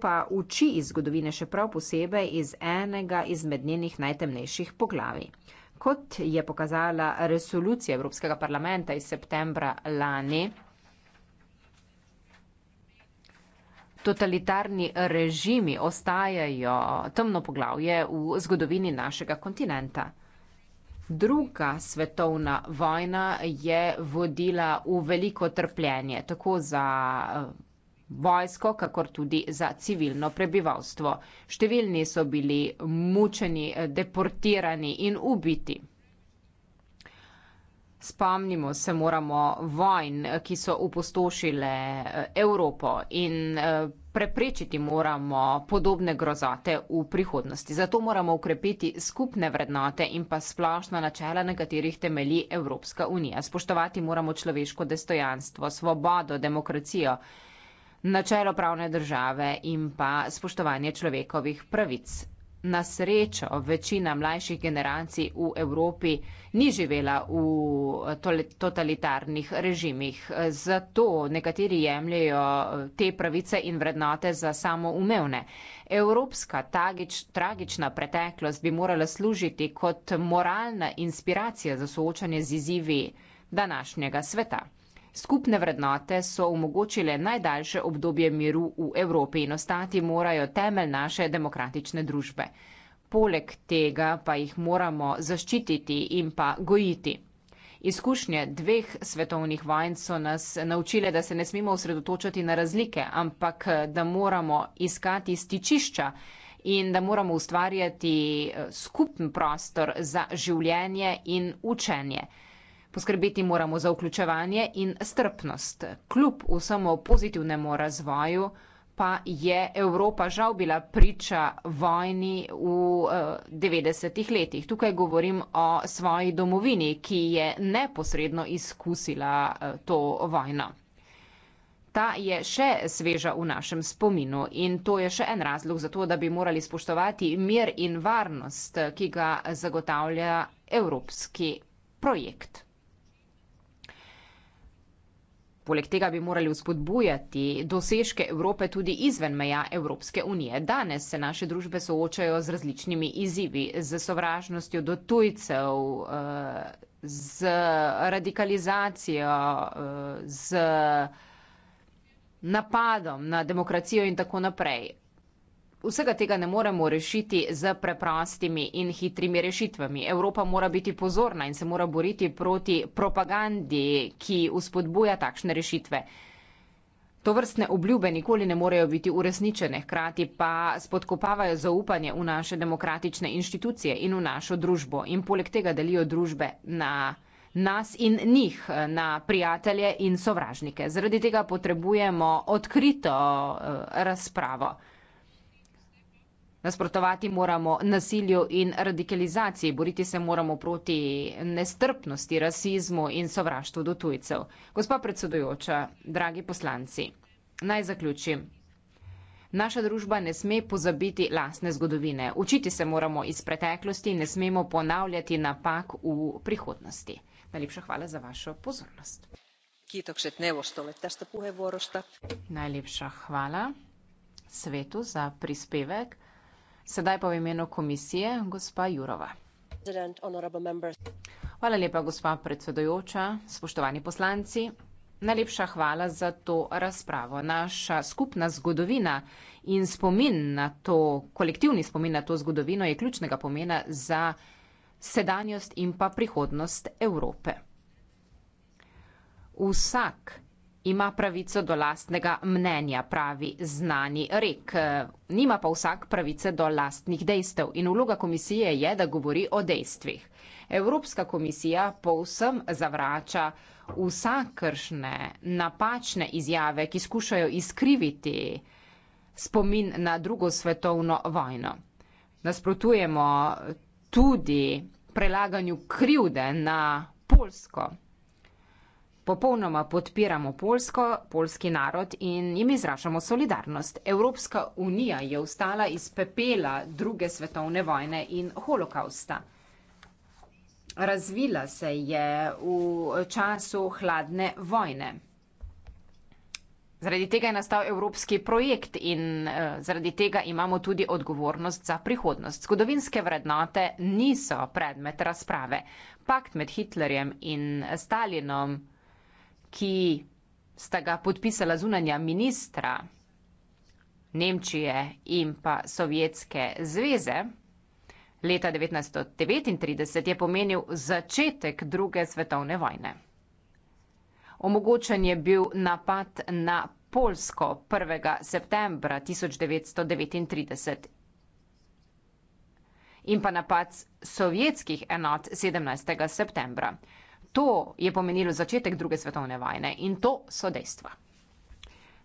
pa uči iz zgodovine še prav posebej iz enega izmed njenih najtemnejših poglavij. Kot je pokazala resolucija Evropskega parlamenta iz septembra lani, totalitarni režimi ostajajo temno poglavje v zgodovini našega kontinenta. Druga svetovna vojna je vodila v veliko trpljenje, tako za vojsko, kakor tudi za civilno prebivalstvo. Številni so bili mučeni, deportirani in ubiti. Spomnimo se moramo vojn, ki so upostošile eh, Evropo in eh, preprečiti moramo podobne grozate v prihodnosti. Zato moramo ukrepiti skupne vrednote in pa splošna načela, na katerih temelji Evropska unija. Spoštovati moramo človeško dostojanstvo, svobodo, demokracijo načelo pravne države in pa spoštovanje človekovih pravic. Na srečo večina mlajših generacij v Evropi ni živela v totalitarnih režimih, zato nekateri jemljajo te pravice in vrednote za samoumevne. Evropska tagič, tragična preteklost bi morala služiti kot moralna inspiracija za soočanje z izzivi današnjega sveta. Skupne vrednote so omogočile najdaljše obdobje miru v Evropi in ostati morajo temelj naše demokratične družbe. Poleg tega pa jih moramo zaščititi in pa gojiti. Izkušnje dveh svetovnih vojn so nas naučile, da se ne smemo osredotočati na razlike, ampak da moramo iskati stičišča in da moramo ustvarjati eh, skupen prostor za življenje in učenje. Poskrbeti moramo za vključevanje in strpnost. Kljub vsemu pozitivnemu razvoju pa je Evropa žal bila priča vojni v 90-ih eh, letih. Tukaj govorim o svoji domovini, ki je neposredno izkusila eh, to vojno. Ta je še sveža v našem spominu in to je še en razlog za to, da bi morali spoštovati mir in varnost, ki ga zagotavlja evropski projekt. Poleg tega bi morali vzpodbujati dosežke Evrope tudi izven meja Evropske unije. Danes se naše družbe soočajo z različnimi izzivi, z sovražnostjo do tujcev, eh, z radikalizacijo, eh, z napadom na demokracijo in tako naprej vsega tega ne moremo rešiti z preprostimi in hitrimi rešitvami. Evropa mora biti pozorna in se mora boriti proti propagandi, ki uspodbuja takšne rešitve. To vrstne obljube nikoli ne morejo biti uresničene, hkrati pa spodkopavajo zaupanje v naše demokratične inštitucije in v našo družbo in poleg tega delijo družbe na nas in njih, na prijatelje in sovražnike. Zaradi tega potrebujemo odkrito eh, razpravo. Nasprotovati moramo nasilju in radikalizaciji, boriti se moramo proti nestrpnosti, rasizmu in sovraštvu do tujcev. Gospa predsedujoča, dragi poslanci, naj zaključim. Naša družba ne sme pozabiti lastne zgodovine. Učiti se moramo iz preteklosti in ne smemo ponavljati napak v prihodnosti. Najlepša hvala za vašo pozornost. Kitokšet neoštole, tašta puhe vorošta. Najlepša hvala svetu za prispevek. Sedaj pa v imenu komisije gospa Jurova. Hvala lepa, gospa predsedojoča, spoštovani poslanci. Najlepša hvala za to razpravo. Naša skupna zgodovina in spomin na to, kolektivni spomin na to zgodovino je ključnega pomena za sedanjost in pa prihodnost Evrope. Vsak ima pravico do lastnega mnenja, pravi znani rek. Nima pa vsak pravice do lastnih dejstev in vloga komisije je, da govori o dejstvih. Evropska komisija povsem zavrača vsakršne napačne izjave, ki skušajo izkriviti spomin na drugo svetovno vojno. Nasprotujemo tudi prelaganju krivde na Polsko. Popolnoma podpiramo Polsko, polski narod in jim izražamo solidarnost. Evropska unija je ustala iz pepela druge svetovne vojne in holokausta. Razvila se je v času hladne vojne. Zaradi tega je nastal evropski projekt in eh, zaradi tega imamo tudi odgovornost za prihodnost. Skodovinske vrednote niso predmet razprave. Pakt med Hitlerjem in Stalinom ki sta ga podpisala zunanja ministra Nemčije in pa Sovjetske zveze leta 1939, je pomenil začetek druge svetovne vojne. Omogočen je bil napad na Polsko 1. septembra 1939 in pa napad sovjetskih enot 17. septembra to je pomenilo začetek druge svetovne vojne in to so dejstva.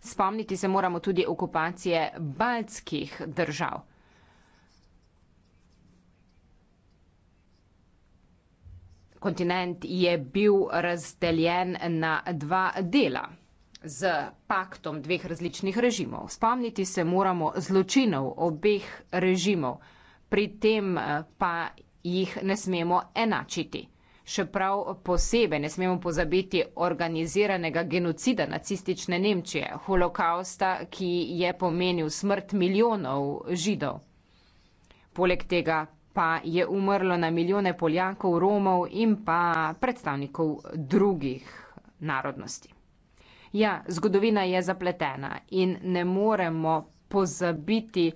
Spomniti se moramo tudi okupacije baltskih držav. Kontinent je bil razdeljen na dva dela z paktom dveh različnih režimov. Spomniti se moramo zločinov obeh režimov, pri tem eh, pa jih ne smemo enačiti še prav posebej ne smemo pozabiti organiziranega genocida nacistične Nemčije, holokausta, ki je pomenil smrt milijonov židov. Poleg tega pa je umrlo na milijone Poljakov, Romov in pa predstavnikov drugih narodnosti. Ja, zgodovina je zapletena in ne moremo pozabiti,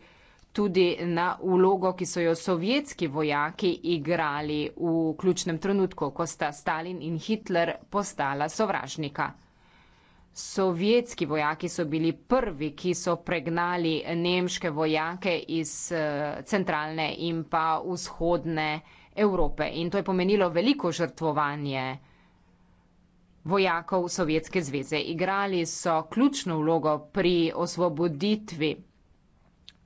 tudi na vlogo, ki so jo sovjetski vojaki igrali v ključnem trenutku, ko sta Stalin in Hitler postala sovražnika. Sovjetski vojaki so bili prvi, ki so pregnali nemške vojake iz eh, centralne in pa vzhodne Evrope. In to je pomenilo veliko žrtvovanje vojakov Sovjetske zveze. Igrali so ključno vlogo pri osvoboditvi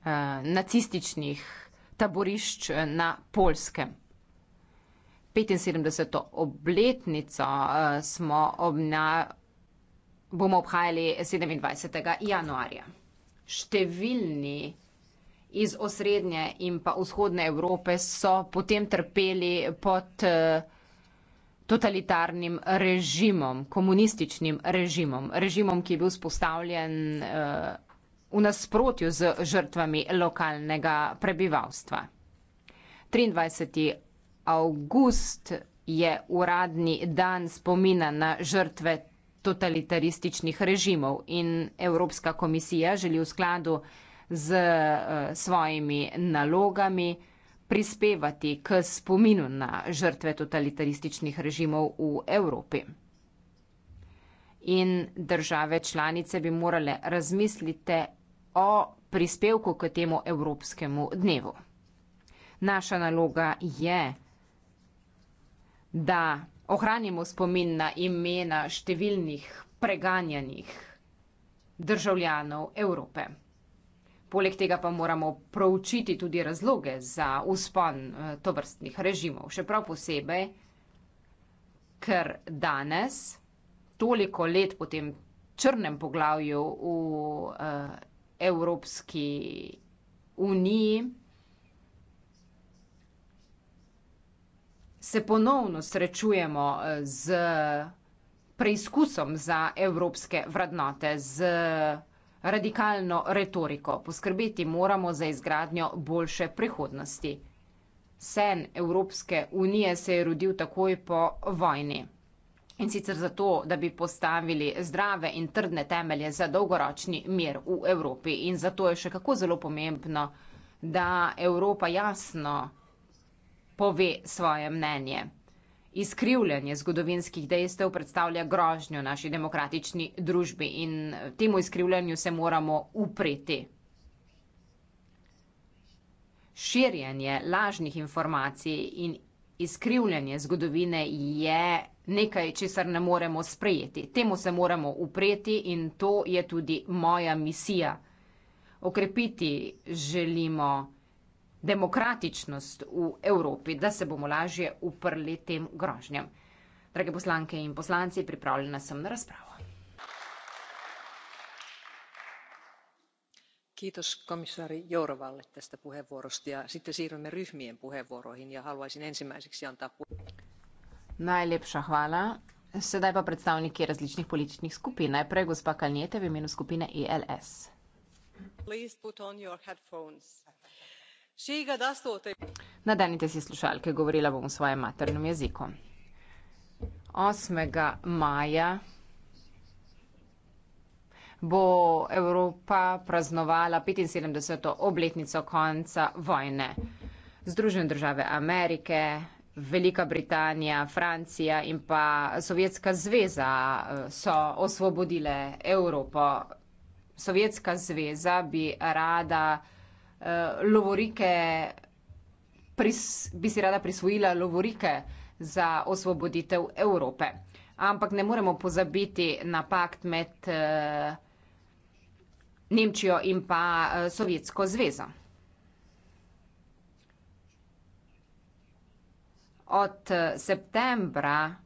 Eh, nacističnih taborišč na Polskem. 75. obletnico eh, smo obna, bomo obhajali 27. januarja. Številni iz osrednje in pa vzhodne Evrope so potem trpeli pod eh, totalitarnim režimom, komunističnim režimom, režimom, ki je bil spostavljen v nasprotju z žrtvami lokalnega prebivalstva. 23. august je uradni dan spomina na žrtve totalitarističnih režimov in Evropska komisija želi v skladu z eh, svojimi nalogami prispevati k spominu na žrtve totalitarističnih režimov v Evropi. In države članice bi morale razmisliti o prispevku k temu Evropskemu dnevu. Naša naloga je, da ohranimo spomin na imena številnih preganjanih državljanov Evrope. Poleg tega pa moramo proučiti tudi razloge za uspon eh, tovrstnih režimov. Še prav posebej, ker danes, toliko let po tem črnem poglavju v uh, Evropski uniji, se ponovno srečujemo eh, z preizkusom za evropske vrednote, z radikalno retoriko. Poskrbeti moramo za izgradnjo boljše prihodnosti. Sen Evropske unije se je rodil takoj po vojni. In sicer zato, da bi postavili zdrave in trdne temelje za dolgoročni mir v Evropi. In zato je še kako zelo pomembno, da Evropa jasno pove svoje mnenje. Izkrivljanje zgodovinskih dejstev predstavlja grožnjo naši demokratični družbi in temu izkrivljanju se moramo upreti. Širjanje lažnih informacij in izkrivljanje zgodovine je nekaj, česar ne moremo sprejeti. Temu se moramo upreti in to je tudi moja misija. Okrepiti želimo demokratičnost v Evropi, da se bomo lažje uprli tem grožnjam. Drage poslanke in poslanci, pripravljena sem na razpravo. Kiitos komissaari Jourovalle tästä puheenvuorosta ja sitten siirrymme ryhmien puheenvuoroihin ja haluaisin ensimmäiseksi antaa puheenvuoron. Najlepša hvala. Sedaj pa predstavniki različnih političnih skupin. Najprej gospa Kalnjete v imenu skupine ELS. Nadenite si slušalke, govorila bom v svojem maternem jeziku. 8. maja bo Evropa praznovala 75. obletnico konca vojne. Združene države Amerike, Velika Britanija, Francija in pa Sovjetska zveza eh, so osvobodile Evropo. Sovjetska zveza bi rada uh, lovorike, pris, bi si rada prisvojila lovorike za osvoboditev Evrope. Ampak ne moremo pozabiti na pakt med uh, Nemčijo in pa uh, Sovjetsko zvezo. od eh, septembra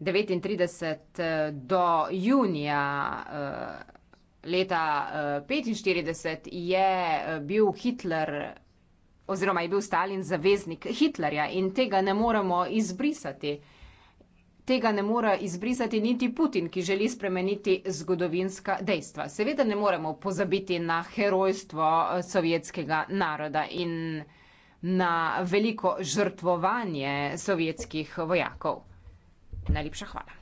39 eh, do junija eh, leta 45 je bil Hitler oziroma je bil Stalin zaveznik Hitlerja in tega ne moremo izbrisati. Tega ne more izbrisati niti Putin, ki želi spremeniti zgodovinska dejstva. Seveda ne moremo pozabiti na herojstvo sovjetskega naroda in na veliko žrtvovanje sovjetskih vojakov. Najlepša hvala.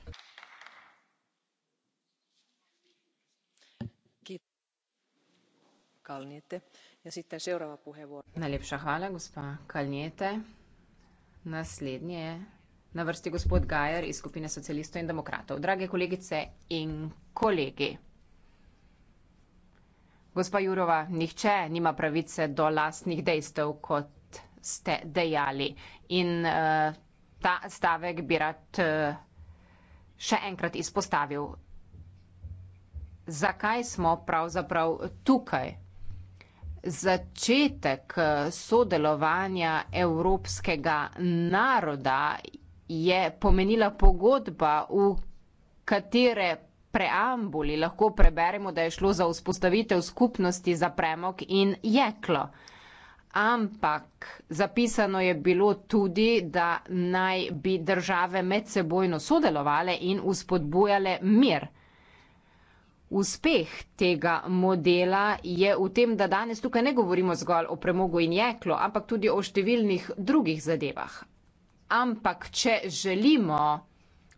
Ja Najlepša hvala, gospa Kalnete. Naslednji je na vrsti gospod Gajer iz skupine socialistov in demokratov. Drage kolegice in kolegi. Gospa Jurova, nihče nima pravice do lastnih dejstev kot ste dejali. In uh, ta stavek bi rad uh, še enkrat izpostavil. Zakaj smo pravzaprav tukaj? Začetek eh, sodelovanja evropskega naroda je pomenila pogodba, v katere preambuli lahko preberemo, da je šlo za vzpostavitev skupnosti za premog in jeklo. Uh, ampak zapisano je bilo tudi, da naj bi države medsebojno sodelovale in uspodbujale mir. Uspeh tega modela je v tem, da danes tukaj ne govorimo zgolj o premogu in jeklo, ampak tudi o številnih drugih zadevah. Ampak, če želimo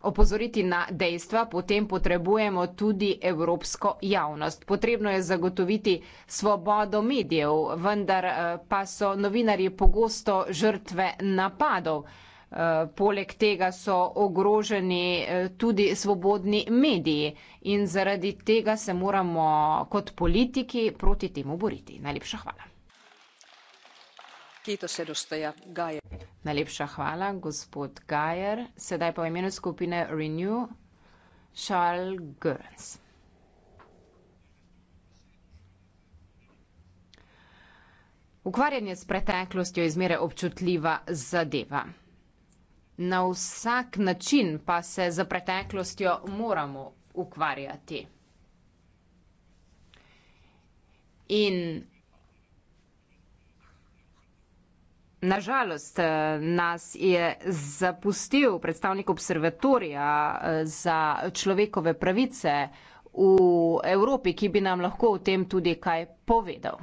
opozoriti na dejstva, potem potrebujemo tudi evropsko javnost. Potrebno je zagotoviti svobodo medijev, vendar eh, pa so novinari pogosto žrtve napadov. Eh, poleg tega so ogroženi eh, tudi svobodni mediji in zaradi tega se moramo kot politiki proti temu boriti. Najlepša hvala. Najlepša hvala, gospod Gajer. Sedaj pa v imenu skupine Renew, Charles Gurns. Ukvarjanje s preteklostjo je izmere občutljiva zadeva. Na vsak način pa se za preteklostjo moramo ukvarjati. In Nažalost, eh, nas je zapustil predstavnik observatorija eh, za človekove pravice v Evropi, ki bi nam lahko o tem tudi kaj povedal.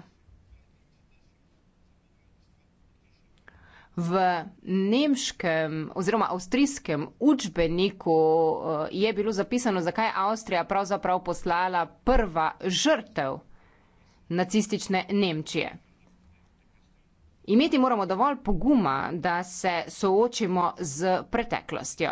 V nemškem oziroma avstrijskem učbeniku eh, je bilo zapisano, zakaj je Avstrija pravzaprav poslala prva žrtev nacistične Nemčije. Imeti moramo dovolj poguma, da se soočimo z preteklostjo.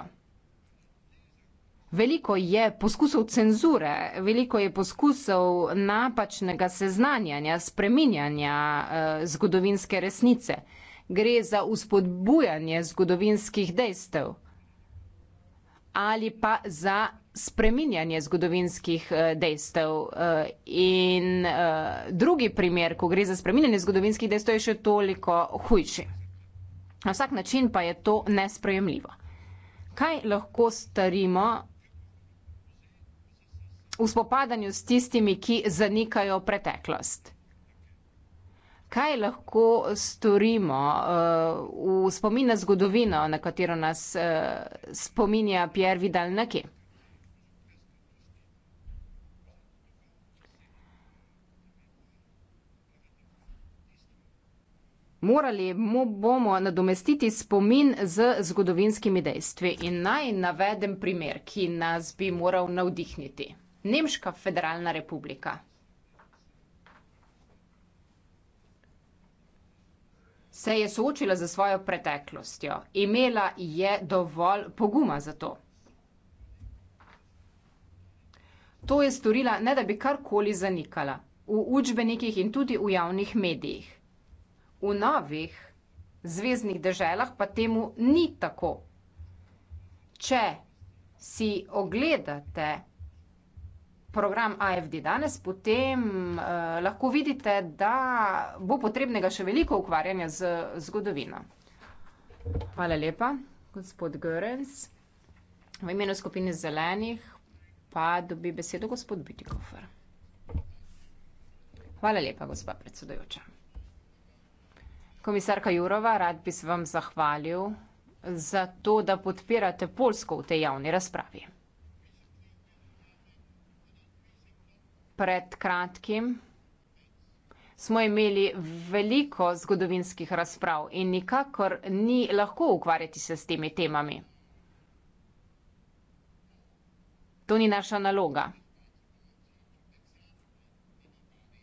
Veliko je poskusov cenzure, veliko je poskusov napačnega seznanjanja, spreminjanja eh, zgodovinske resnice. Gre za uspodbujanje zgodovinskih dejstev ali pa za spreminjanje zgodovinskih eh, dejstev. Eh, in eh, drugi primer, ko gre za spreminjanje zgodovinskih dejstev, je še toliko hujši. Na vsak način pa je to nesprejemljivo. Kaj lahko starimo v spopadanju s tistimi, ki zanikajo preteklost? Kaj lahko storimo uh, v spomin na zgodovino, na katero nas uh, spominja Pierre Vidal Naki? morali, mu bomo nadomestiti spomin z zgodovinskimi dejstvi. In naj navedem primer, ki nas bi moral navdihniti. Nemška federalna republika. Se je soočila za svojo preteklostjo. Imela je dovolj poguma za to. To je storila, ne da bi karkoli zanikala, v učbenikih in tudi v javnih medijih. V novih zvezdnih deželah pa temu ni tako. Če si ogledate program AFD danes, potem eh, lahko vidite, da bo potrebnega še veliko ukvarjanja z zgodovino. Hvala lepa, gospod Görens. V imenu skupine zelenih pa dobi besedo gospod Bitikofer. Hvala lepa, gospa predsedujoča. Komisarka Jurova, rad bi se vam zahvalil za to, da podpirate Polsko v tej javni razpravi. Pred kratkim smo imeli veliko zgodovinskih razprav in nikakor ni lahko ukvarjati se s temi temami. To ni naša naloga.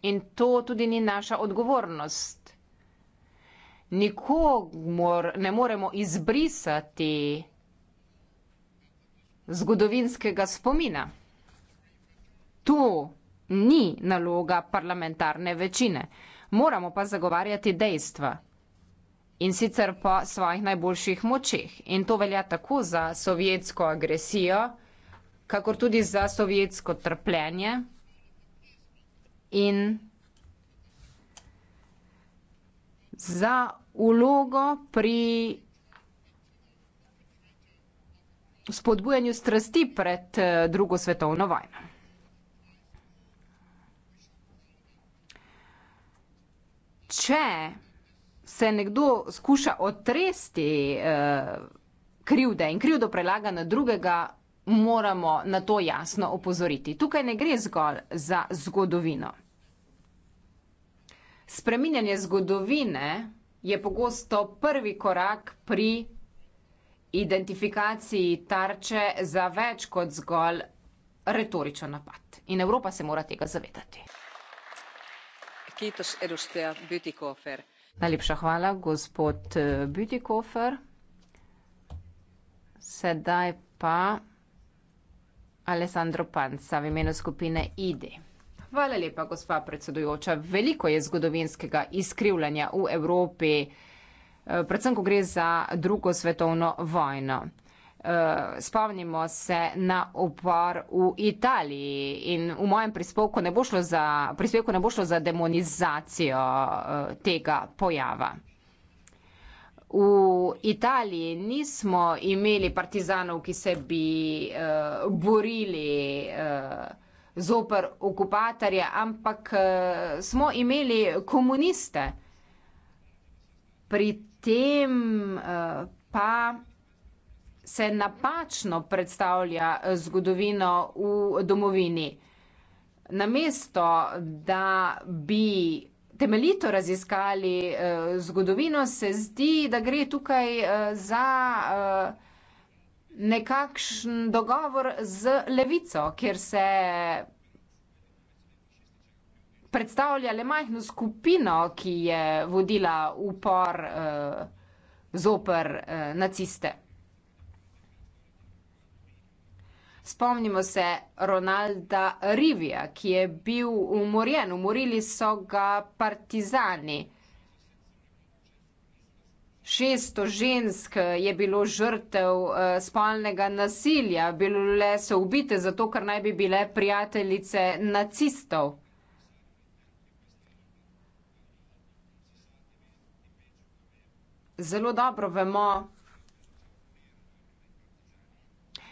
In to tudi ni naša odgovornost nikomor ne moremo izbrisati zgodovinskega spomina. To ni naloga parlamentarne večine. Moramo pa zagovarjati dejstva in sicer po svojih najboljših močeh. In to velja tako za sovjetsko agresijo, kakor tudi za sovjetsko trpljenje in za vlogo pri spodbujanju strasti pred eh, drugo svetovno vojno. Če se nekdo skuša otresti eh, krivde in krivdo prelaga na drugega, moramo na to jasno opozoriti. Tukaj ne gre zgolj za zgodovino. Spreminjanje zgodovine je pogosto prvi korak pri identifikaciji tarče za več kot zgolj retoričen napad. In Evropa se mora tega zavedati. Najlepša hvala, gospod eh, Bütikofer. Sedaj pa Alessandro Panza v imenu skupine IDE. Hvala lepa, gospa predsedujoča. Veliko je zgodovinskega izkrivljanja v Evropi, eh, predvsem, ko gre za drugo svetovno vojno. Eh, spomnimo se na upor v Italiji in v mojem prispevku ne bo šlo za, prispevku ne bo šlo za demonizacijo eh, tega pojava. V Italiji nismo imeli partizanov, ki se bi uh, borili uh, zoper okupatorje, ampak eh, smo imeli komuniste. Pri tem eh, pa se napačno predstavlja eh, zgodovino v domovini. Namesto, da bi temeljito raziskali zgodovino, se zdi, da gre tukaj za nekakšen dogovor z levico, kjer se predstavlja le majhno skupino, ki je vodila upor eh, zoper eh, naciste. Spomnimo se Ronalda Rivija, ki je bil umorjen, umorili so ga partizani. 600 žensk eh, je bilo žrtev eh, spolnega nasilja, bile so ubite zato, ker naj bi bile prijateljice nacistov. Zelo dobro vemo,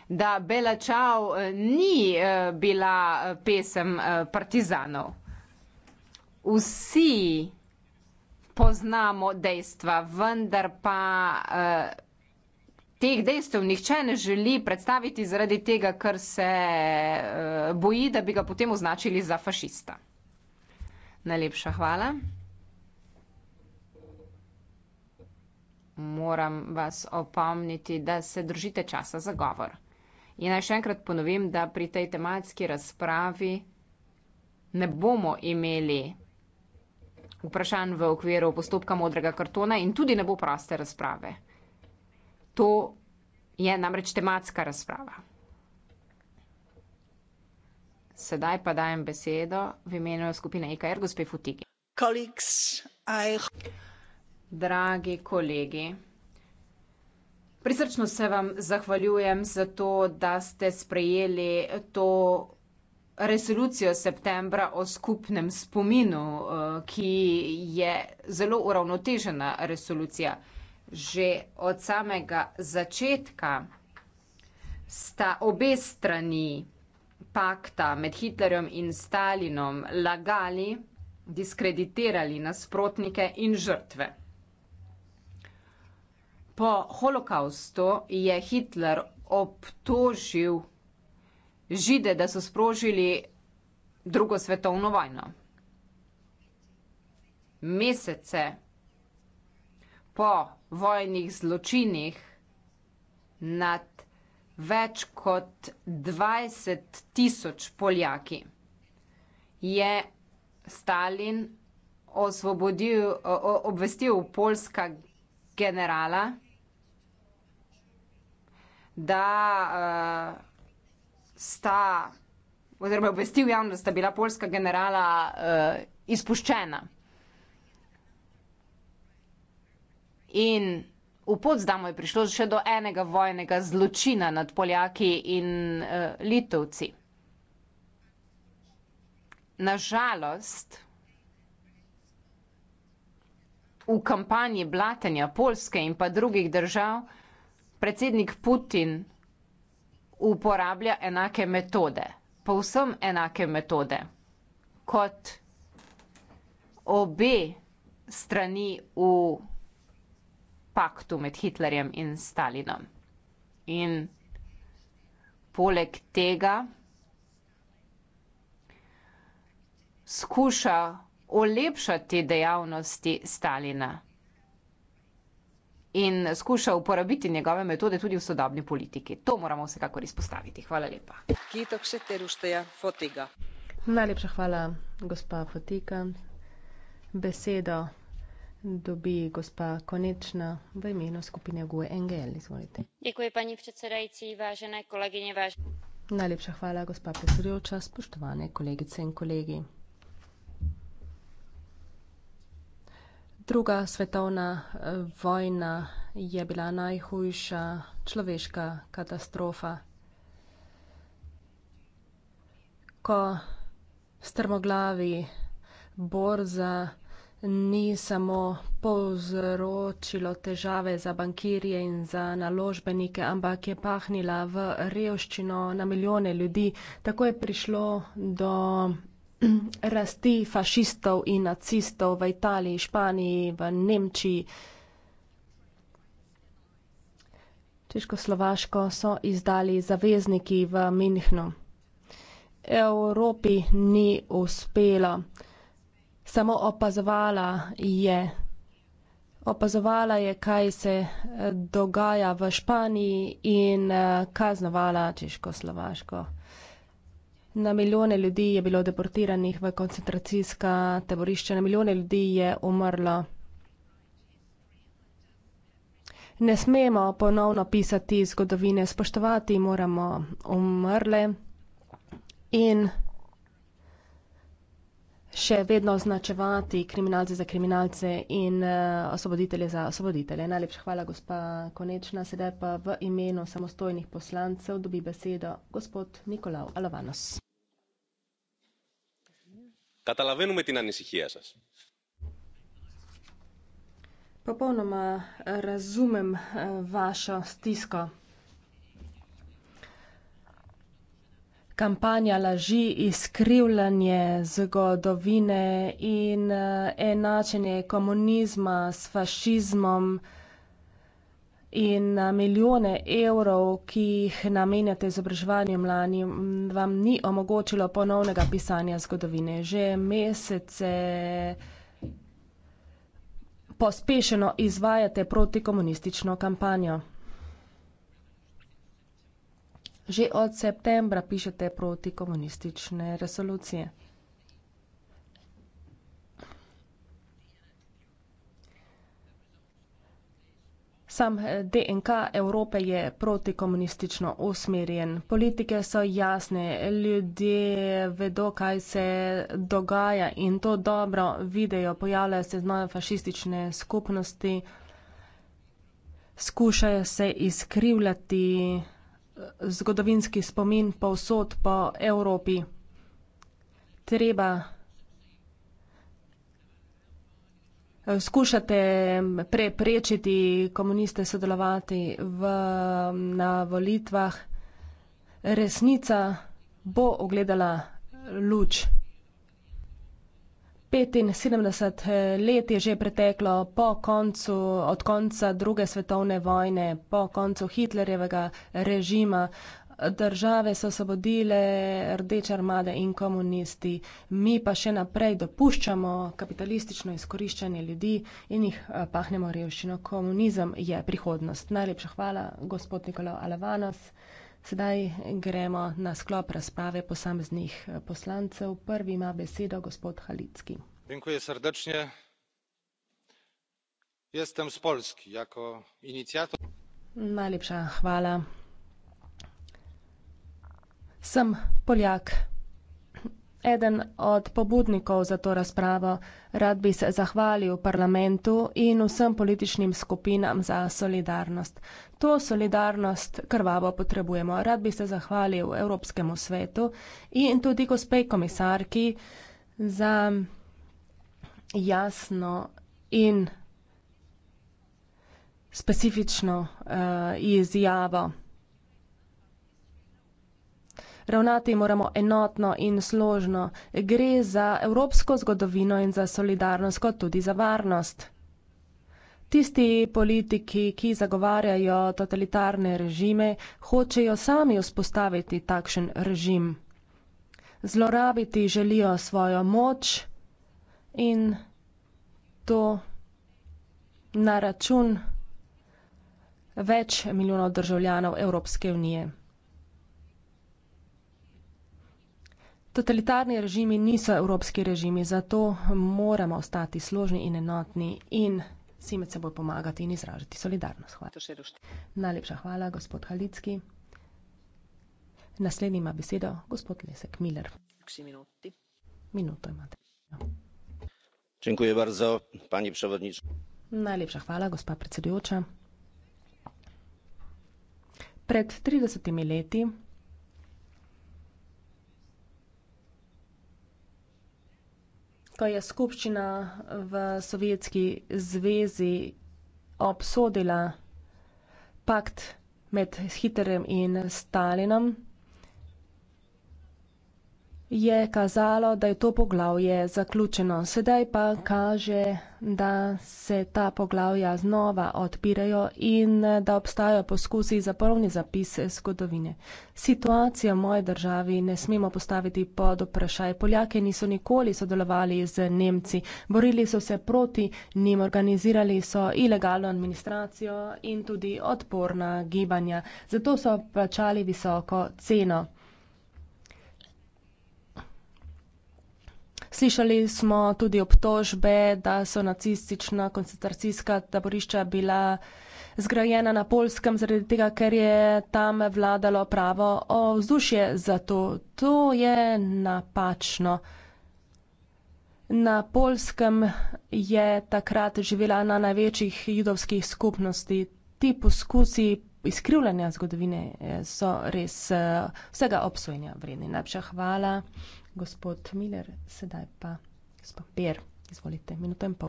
da Bela Čau eh, ni bila pesem partizanov. Vsi poznamo dejstva, vendar pa eh, teh dejstev nihče ne želi predstaviti zaradi tega, ker se eh, boji, da bi ga potem označili za fašista. Najlepša hvala. Moram vas opomniti, da se držite časa za govor. In naj še enkrat ponovim, da pri tej tematski razpravi ne bomo imeli vprašanj v okviru postopka modrega kartona in tudi ne bo proste razprave. To je namreč tematska razprava. Sedaj pa dajem besedo v imenu skupine IKR, e gospe Futigi. Dragi kolegi, prisrčno se vam zahvaljujem za to, da ste sprejeli to resolucijo septembra o skupnem spominu, eh, ki je zelo uravnotežena resolucija. Že od samega začetka sta obe strani pakta med Hitlerjem in Stalinom lagali, diskreditirali nasprotnike in žrtve. Po holokaustu je Hitler obtožil žide, da so sprožili drugo svetovno vojno. Mesece po vojnih zločinih nad več kot 20 tisoč Poljaki je Stalin osvobodil, obvestil polska generala, da uh, sta, oziroma je obvestil javnost, da sta bila polska generala uh, izpuščena. In v podzdamo je prišlo še do enega vojnega zločina nad Poljaki in uh, Litovci. Nažalost, v kampanji blatenja Polske in pa drugih držav, predsednik Putin uporablja enake metode, povsem enake metode, kot obe strani v paktu med Hitlerjem in Stalinom. In poleg tega skuša olepšati dejavnosti Stalina in skuša uporabiti njegove metode tudi v sodobni politiki. To moramo vsekakor izpostaviti. Hvala lepa. Najlepša hvala, gospa Fotika. Besedo dobi gospa Konečna v imenu skupine GUE NGL. Izvolite. Děkuji, paní predsedajci, vážené kolegyne, vážené. Najlepša hvala, gospa predsedujoča, spoštovane kolegice in kolegi. Druga svetovna eh, vojna je bila najhujša človeška katastrofa. Ko strmoglavi borza ni samo povzročilo težave za bankirje in za naložbenike, ampak je pahnila v revščino na milijone ljudi, tako je prišlo do rasti fašistov in nacistov v Italiji, Španiji, v Nemčiji. Češko-slovaško so izdali zavezniki v Minhnu. Evropi ni uspelo. Samo opazovala je. Opazovala je, kaj se eh, dogaja v Španiji in eh, kaznovala Češko-slovaško. Na milijone ljudi je bilo deportiranih v koncentracijska taborišča, na milijone ljudi je umrlo. Ne smemo ponovno pisati zgodovine, spoštovati moramo umrle in še vedno označevati kriminalce za kriminalce in uh, osvoboditelje za osvoboditelje. Najlepša hvala, gospa Konečna. Sedaj pa v imenu samostojnih poslancev dobi besedo gospod Nikolav Alavanos. Katalavenume ti nanesihijasa. Popolnoma eh, razumem eh, vašo stisko. kampanja laži, izkrivljanje zgodovine in eh, enačenje komunizma s fašizmom in eh, milijone evrov, ki jih namenjate izobraževanju mladim, vam ni omogočilo ponovnega pisanja zgodovine. Že mesece pospešeno izvajate protikomunistično kampanjo. Že od septembra pišete protikomunistične resolucije. Sam eh, DNK Evrope je protikomunistično usmerjen. Politike so jasne, ljudje vedo, kaj se dogaja in to dobro vidijo. Pojavljajo se znove fašistične skupnosti, skušajo se izkrivljati zgodovinski spomin povsod po Evropi. Treba eh, skušate preprečiti komuniste sodelovati v, na volitvah. Resnica bo ugledala luč. 75 eh, let je že preteklo po koncu, od konca druge svetovne vojne, po koncu Hitlerjevega režima. Države so osvobodile rdeče armade in komunisti, mi pa še naprej dopuščamo kapitalistično izkoriščanje ljudi in jih eh, pahnemo revščino. Komunizem je prihodnost. Najlepša hvala, gospod Nikolao Alevanos. Sedaj gremo na sklop razprave posameznih eh, poslancev. Prvi ima besedo gospod Halicki. Dziękuję srdečne. Jestem z Polski jako inicijator. Najlepša hvala. Sem Poljak. Eden od pobudnikov za to razpravo rad bi se zahvalil parlamentu in vsem političnim skupinam za solidarnost. To solidarnost krvavo potrebujemo. Rad bi se zahvalil Evropskemu svetu in tudi gospe komisarki za jasno in specifično uh, izjavo ravnati moramo enotno in složno. Gre za evropsko zgodovino in za solidarnost, kot tudi za varnost. Tisti politiki, ki zagovarjajo totalitarne režime, hočejo sami vzpostaviti takšen režim. Zlorabiti želijo svojo moč in to na račun več milijonov državljanov Evropske unije. Totalitarni režimi niso evropski režimi, zato moramo ostati složni in enotni in si med seboj pomagati in izražati solidarnost. Hvala. Najlepša hvala, gospod Halicki. Naslednji ima besedo gospod Lesek Miller. Minuto imate. Dziękuję bardzo, pani przewodnicząca. Najlepša hvala, gospa predsedujoča. Pred 30 leti ko je skupščina v Sovjetski zvezi obsodila pakt med Hitlerjem in Stalinom je kazalo, da je to poglavje zaključeno. Sedaj pa kaže, da se ta poglavja znova odpirajo in da obstajajo poskusi za polni zapis zgodovine. Situacijo v moji državi ne smemo postaviti pod vprašaj. Poljake niso nikoli sodelovali z Nemci, borili so se proti njim, organizirali so ilegalno administracijo in tudi odporna gibanja. Zato so plačali visoko ceno. Slišali smo tudi obtožbe, da so nacistična koncentracijska taborišča bila zgrajena na Polskem zaradi tega, ker je tam vladalo pravo o vzdušje. Zato to je napačno. Na Polskem je takrat živela ena največjih judovskih skupnosti. Ti poskusi izkrivljanja zgodovine so res eh, vsega obsojenja vredni. Najlepša hvala gospod Miller, sedaj pa gospod Pier. Izvolite, minuto in pol.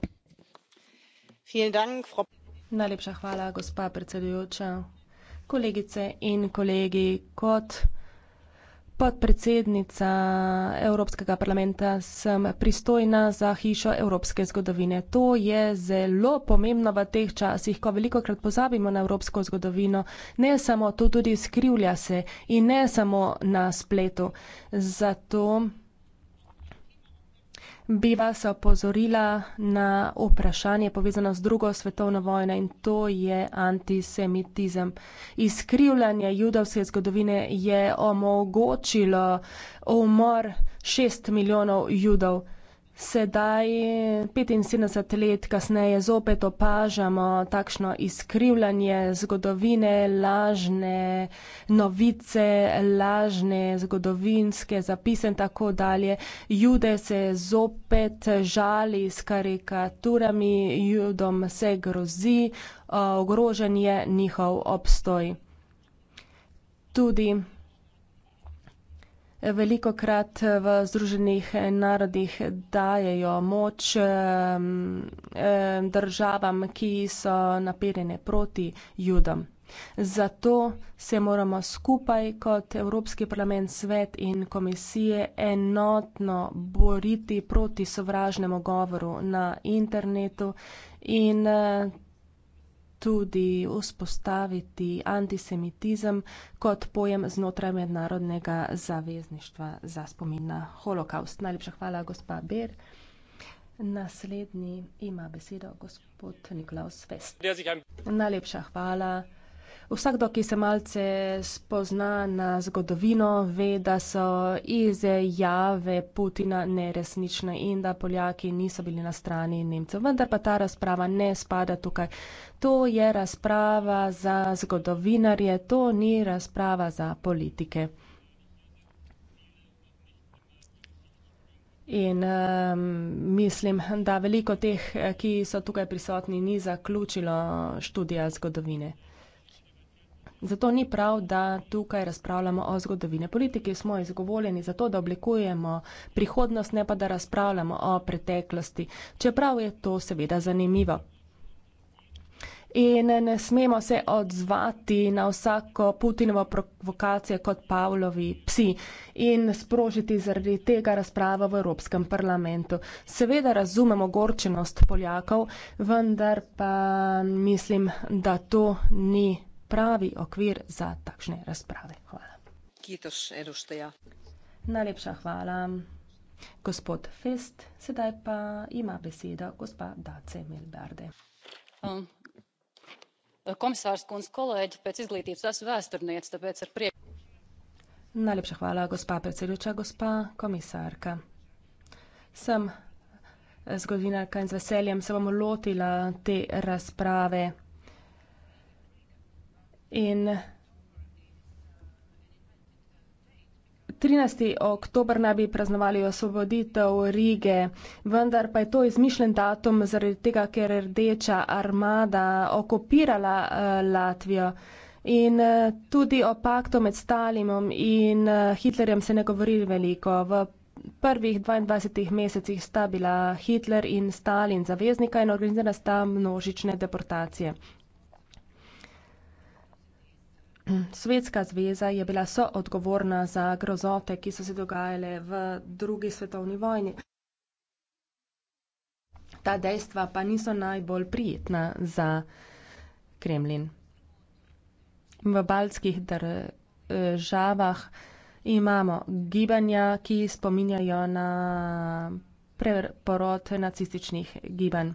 Najlepša hvala, gospa predsedujoča. Kolegice in kolegi, kot podpredsednica Evropskega parlamenta, sem pristojna za hišo evropske zgodovine. To je zelo pomembno v teh časih, ko veliko krat pozabimo na evropsko zgodovino. Ne samo to, tudi skrivlja se in ne samo na spletu. Zato bi vas opozorila na vprašanje povezano z drugo svetovno vojno in to je antisemitizem. Izkrivljanje judovske zgodovine je omogočilo umor šest milijonov judov. Sedaj, 75 let kasneje, zopet opažamo takšno izkrivljanje zgodovine, lažne novice, lažne zgodovinske zapise in tako dalje. Jude se zopet žali s karikaturami, judom se grozi, ogrožen je njihov obstoj. Tudi veliko krat v Združenih narodih dajejo moč državam, ki so naperjene proti judom. Zato se moramo skupaj kot Evropski parlament, svet in komisije enotno boriti proti sovražnemu govoru na internetu in tudi vzpostaviti antisemitizem kot pojem znotraj mednarodnega zavezništva za spomin na holokaust. Najlepša hvala, gospa Ber. Naslednji ima besedo gospod Niklaus Vest. Najlepša hvala. Vsakdo, ki se malce spozna na zgodovino, ve, da so izjave Putina neresnične in da Poljaki niso bili na strani Nemcev. Vendar pa ta razprava ne spada tukaj to je razprava za zgodovinarje, to ni razprava za politike. In, um, mislim, da veliko teh, ki so tukaj prisotni, ni zaključilo študija zgodovine. Zato ni prav, da tukaj razpravljamo o zgodovini. Politiki smo izgovoljeni za to, da oblikujemo prihodnost, ne pa da razpravljamo o preteklosti. Čeprav je to seveda zanimivo in ne smemo se odzvati na vsako Putinovo provokacijo kot Pavlovi psi in sprožiti zaradi tega razprava v Evropskem parlamentu. Seveda razumemo gorčenost Poljakov, vendar pa mislim, da to ni pravi okvir za takšne razprave. Hvala. Kitoš, Najlepša hvala. Gospod Fest, sedaj pa ima besedo gospa Dace Milbarde. Um, komisārs, kundz kolēģi, pēc izglītības esmu vēsturniec, tāpēc ar prieku. Najlepša hvala, gospa predsedujoča, gospa komisarka. Sem zgodovinarka in z veseljem se bom lotila te razprave. In 13. oktober naj bi praznovali osvoboditev Rige, vendar pa je to izmišljen datum zaradi tega, ker je rdeča armada okupirala eh, Latvijo. In eh, tudi o paktu med Stalinom in eh, Hitlerjem se ne govori veliko. V prvih 22 mesecih sta bila Hitler in Stalin zaveznika in organizirana sta množične deportacije. Svetska zveza je bila soodgovorna za grozote, ki so se dogajale v drugi svetovni vojni. Ta dejstva pa niso najbolj prijetna za Kremlin. V baltskih državah imamo gibanja, ki spominjajo na preporod nacističnih gibanj.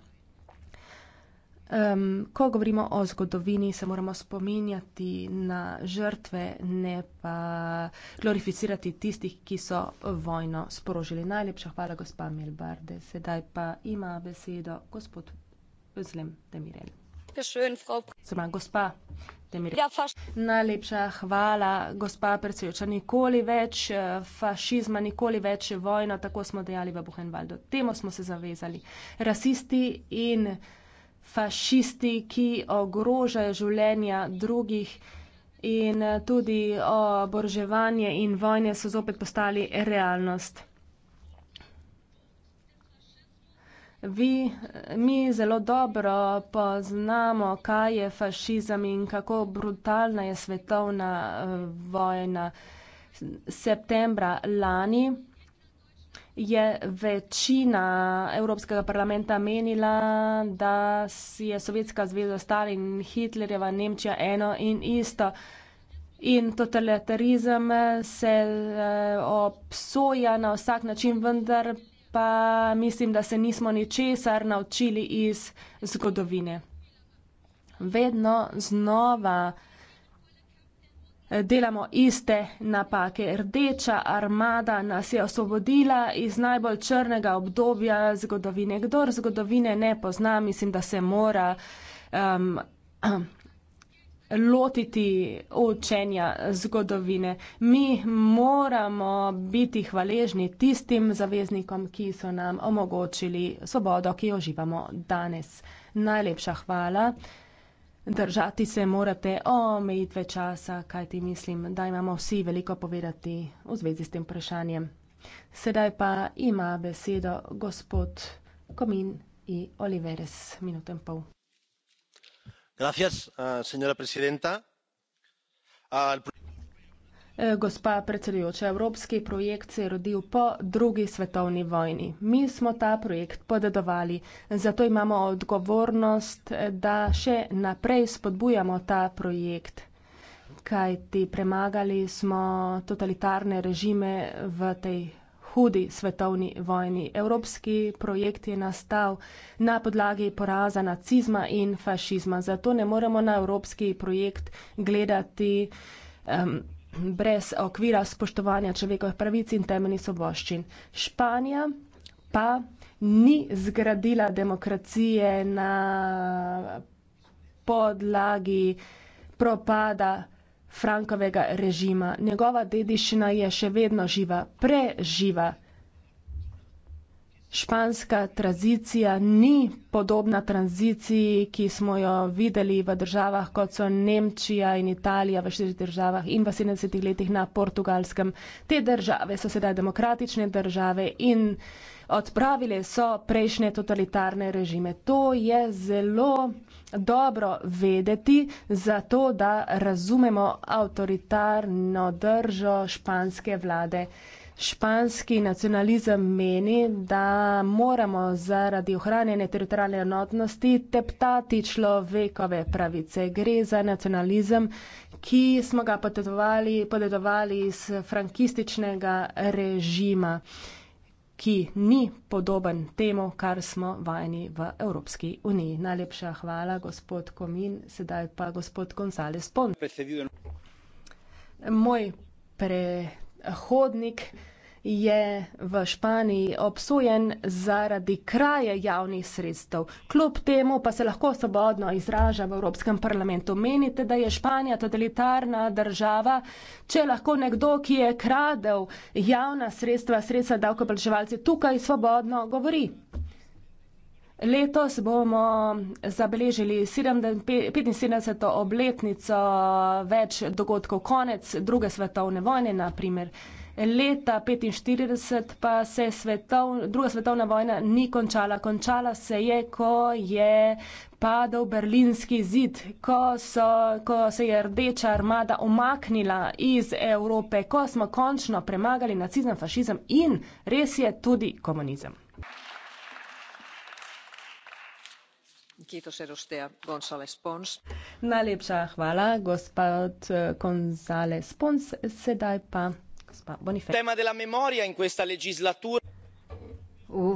Um, ko govorimo o zgodovini, se moramo spominjati na žrtve, ne pa glorificirati tistih, ki so vojno sporožili. Najlepša hvala, gospa Milbarde. Sedaj pa ima besedo gospod Özlem Demirel. Zdravo, gospa Demirel. Ja, Najlepša hvala, gospa predsedujoča. Nikoli več eh, fašizma, nikoli več vojna, tako smo dejali v Buhenvaldu. Temu smo se zavezali. Rasisti in fašisti, ki ogrožajo življenja drugih in eh, tudi oboroževanje in vojne so zopet postali realnost. Vi, mi zelo dobro poznamo, kaj je fašizem in kako brutalna je svetovna eh, vojna. Septembra lani je večina Evropskega parlamenta menila, da si je Sovjetska zveza Stalin, Hitlerjeva Nemčija eno in isto. In totalitarizem se eh, obsoja na vsak način, vendar pa mislim, da se nismo ničesar naučili iz zgodovine. Vedno znova delamo iste napake. Rdeča armada nas je osvobodila iz najbolj črnega obdobja zgodovine. Kdor zgodovine ne pozna, mislim, da se mora um, lotiti učenja zgodovine. Mi moramo biti hvaležni tistim zaveznikom, ki so nam omogočili svobodo, ki jo živamo danes. Najlepša hvala. Držati se morate omejitve časa, kaj ti mislim, da imamo vsi veliko povedati v zvezi s tem vprašanjem. Sedaj pa ima besedo gospod Komin i Oliveres, minuto in pol. Gracias, uh, señora presidenta. Uh, Eh, gospa predsedujoča, evropski projekt se je rodil po drugi svetovni vojni. Mi smo ta projekt podedovali, zato imamo odgovornost, da še naprej spodbujamo ta projekt. Kajti premagali smo totalitarne režime v tej hudi svetovni vojni. Evropski projekt je nastal na podlagi poraza nacizma in fašizma, zato ne moremo na evropski projekt gledati um, brez okvira spoštovanja človekovih pravic in temeljnih svoboščin. Španija pa ni zgradila demokracije na podlagi propada Frankovega režima. Njegova dediščina je še vedno živa, preživa. Španska tranzicija ni podobna tranziciji, ki smo jo videli v državah, kot so Nemčija in Italija v štirih državah in v 70-ih letih na portugalskem. Te države so sedaj demokratične države in odpravile so prejšnje totalitarne režime. To je zelo dobro vedeti, zato da razumemo avtoritarno držo španske vlade španski nacionalizem meni, da moramo zaradi ohranjene teritorijalne enotnosti teptati človekove pravice. Gre za nacionalizem, ki smo ga podedovali iz frankističnega režima, ki ni podoben temu, kar smo vajeni v Evropski uniji. Najlepša hvala, gospod Komin, sedaj pa gospod Gonzales Pon. Moj pre hodnik je v Španiji obsojen zaradi kraje javnih sredstev. Kljub temu pa se lahko svobodno izraža v Evropskem parlamentu. Menite, da je Španija totalitarna država, če lahko nekdo, ki je kradel javna sredstva, sredstva davkoplačevalcev, tukaj svobodno govori? Letos bomo zabeležili 75. obletnico več dogodkov konec druge svetovne vojne, naprimer. Leta 45 pa se svetov, druga svetovna vojna ni končala. Končala se je, ko je padal berlinski zid, ko, so, ko se je rdeča armada omaknila iz Evrope, ko smo končno premagali nacizem, fašizem in res je tudi komunizem. Najlepša hvala, gospod eh, Gonzales Pons. Sedaj pa gospa Bonifei. V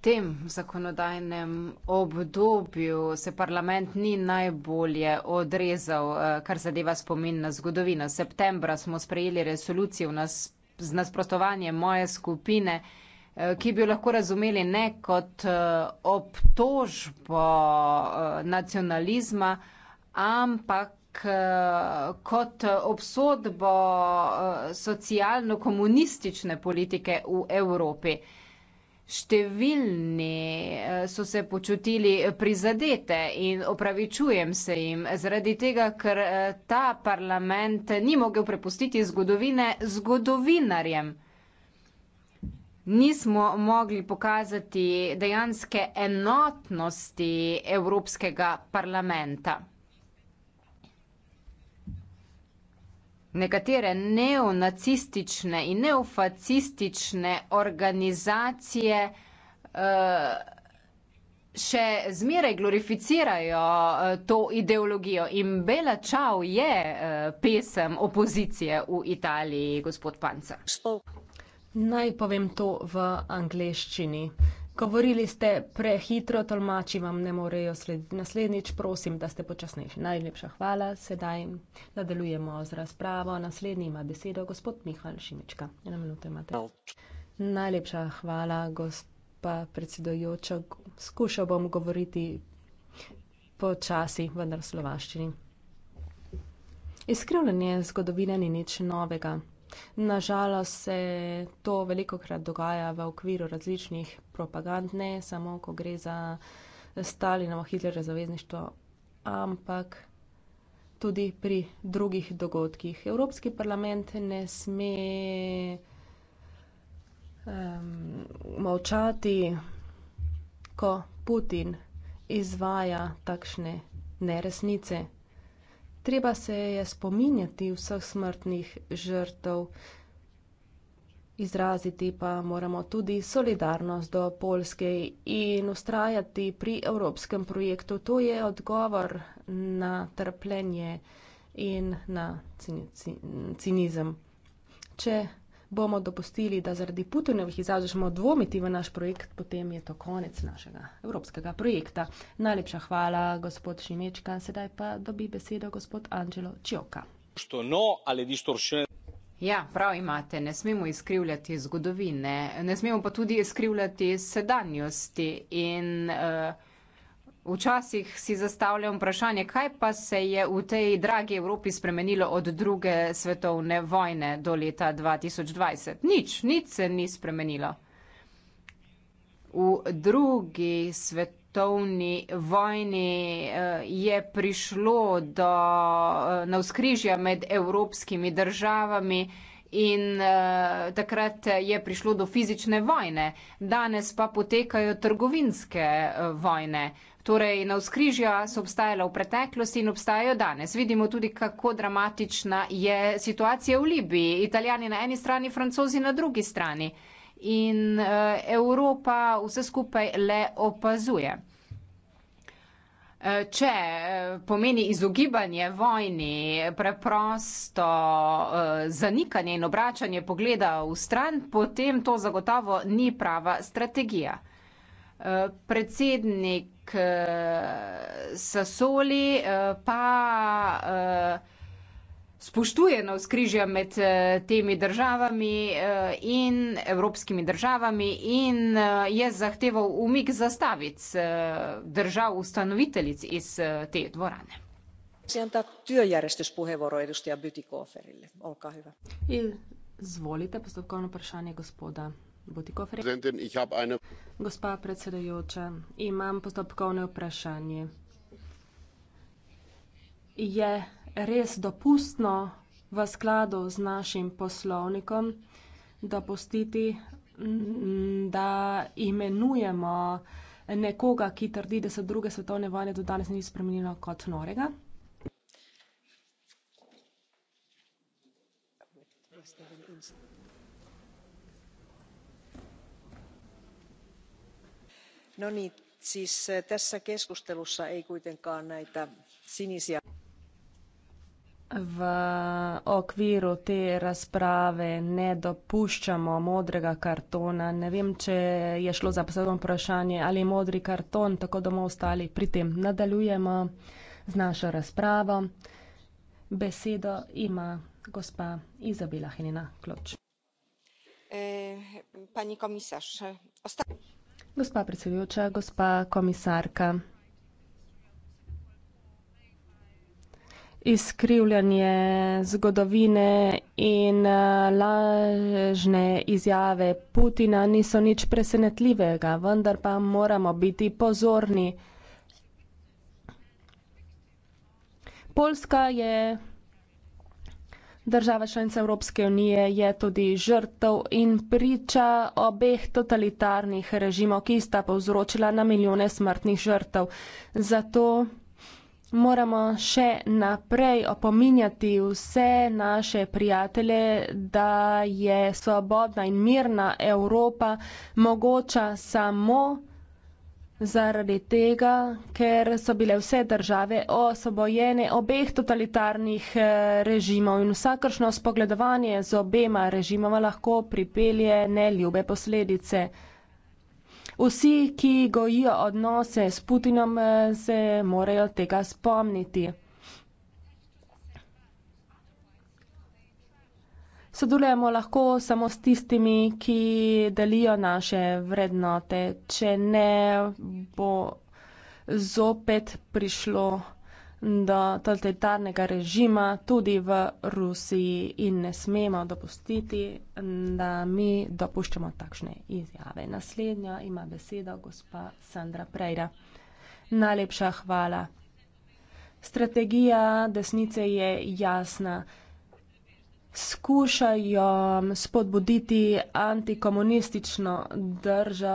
tem zakonodajnem obdobju se parlament ni najbolje odrezal, eh, kar zadeva spomin na zgodovino. Septembra smo sprejeli resolucijo nas, z nasprotovanjem moje skupine. Eh, ki bi jo lahko razumeli ne kot eh, obtožbo eh, nacionalizma, ampak kot obsodbo socialno-komunistične politike v Evropi. Številni so se počutili prizadete in opravičujem se jim zaradi tega, ker ta parlament ni mogel prepustiti zgodovine zgodovinarjem nismo mogli pokazati dejanske enotnosti Evropskega parlamenta. Nekatere neonacistične in neofacistične organizacije uh, še zmeraj glorificirajo uh, to ideologijo in Bela Čau je uh, pesem opozicije v Italiji, gospod Panca. Spoke. Naj povem to v angleščini. Govorili ste prehitro, tolmači vam ne morejo slediti. Naslednjič prosim, da ste počasnejši. Najlepša hvala. Sedaj nadaljujemo z razpravo. Naslednji ima besedo gospod Mihajl Šimička. Eno minuto imate. Najlepša hvala, gospa predsedojoča. Skušal bom govoriti počasi, vendar v slovaščini. Izkrivljanje zgodovine ni nič novega. Nažalost se to veliko krat dogaja v okviru različnih propagand, ne samo, ko gre za Stalinovo Hitlerjevo zavezništvo, ampak tudi pri drugih dogodkih. Evropski parlament ne sme um, molčati, ko Putin izvaja takšne neresnice treba se je spominjati vseh smrtnih žrtev, izraziti pa moramo tudi solidarnost do Polske in ustrajati pri evropskem projektu. To je odgovor na trpljenje in na cinizem. Če bomo dopustili, da zaradi Putinovih izjav začnemo dvomiti v naš projekt, potem je to konec našega evropskega projekta. Najlepša hvala, gospod Šimečka. Sedaj pa dobi besedo gospod Angelo Čioka. No, ja, prav imate, ne smemo izkrivljati zgodovine, ne smemo pa tudi izkrivljati sedanjosti in uh, Včasih si zastavljam vprašanje, kaj pa se je v tej dragi Evropi spremenilo od druge svetovne vojne do leta 2020. Nič, nič se ni spremenilo. V drugi svetovni vojni eh, je prišlo do eh, navskrižja med evropskimi državami. In uh, takrat je prišlo do fizične vojne, danes pa potekajo trgovinske uh, vojne. Uh, Torej, navskrižja so obstajala v preteklosti in obstajajo danes. Vidimo tudi, kako dramatična je situacija v Libiji. Italijani na eni strani, francozi na drugi strani. In uh, Evropa vse skupaj le opazuje. Eh, če eh, pomeni izogibanje vojni, preprosto zanikanje in obračanje pogleda v stran, potem to zagotovo ni prava strategija predsednik eh, Sasoli eh, pa eh, spoštuje navskrižja med temi državami in evropskimi državami in je zahteval umik zastavic držav ustanoviteljic iz te dvorane. Izvolite postopkovno vprašanje gospoda Gospa predsedujoča, imam postopkovno vprašanje. Je res dopustno v skladu z našim poslovnikom dopustiti, da imenujemo nekoga, ki trdi, da se druge svetovne vojne do danes ni spremenilo, kot norega? No siis eh, tässä keskustelussa ei kuitenkaan näitä sinisiä. V okviru te razprave ne dopuščamo modrega kartona. Ne vem, če je šlo za posebno vprašanje ali modri karton, tako da bomo ostali pri tem. Nadaljujemo z našo razpravo. Besedo ima gospa Izabela Henina Kloč. E, pani komisar, ostali. Gospa predsedujoča, gospa komisarka. Izkrivljanje zgodovine in eh, lažne izjave Putina niso nič presenetljivega, vendar pa moramo biti pozorni. Poljska je Država članica Evropske unije je tudi žrtev in priča obeh totalitarnih režimov, ki sta povzročila na milijone smrtnih žrtev. Zato moramo še naprej opominjati vse naše prijatelje, da je svobodna in mirna Evropa mogoča samo, zaradi tega, ker so bile vse države osvobojene obeh totalitarnih eh, režimov in vsakršno spogledovanje z obema režimoma lahko pripelje neljube posledice. Vsi, ki gojijo odnose s Putinom, eh, se morajo tega spomniti. sodelujemo lahko samo s tistimi, ki delijo naše vrednote. Če ne, bo zopet prišlo do totalitarnega režima tudi v Rusiji in ne smemo dopustiti, da mi dopuščamo takšne izjave. Naslednja ima besedo gospa Sandra Prejra. Najlepša hvala. Strategija desnice je jasna skušajo um, spodbuditi antikomunistično držo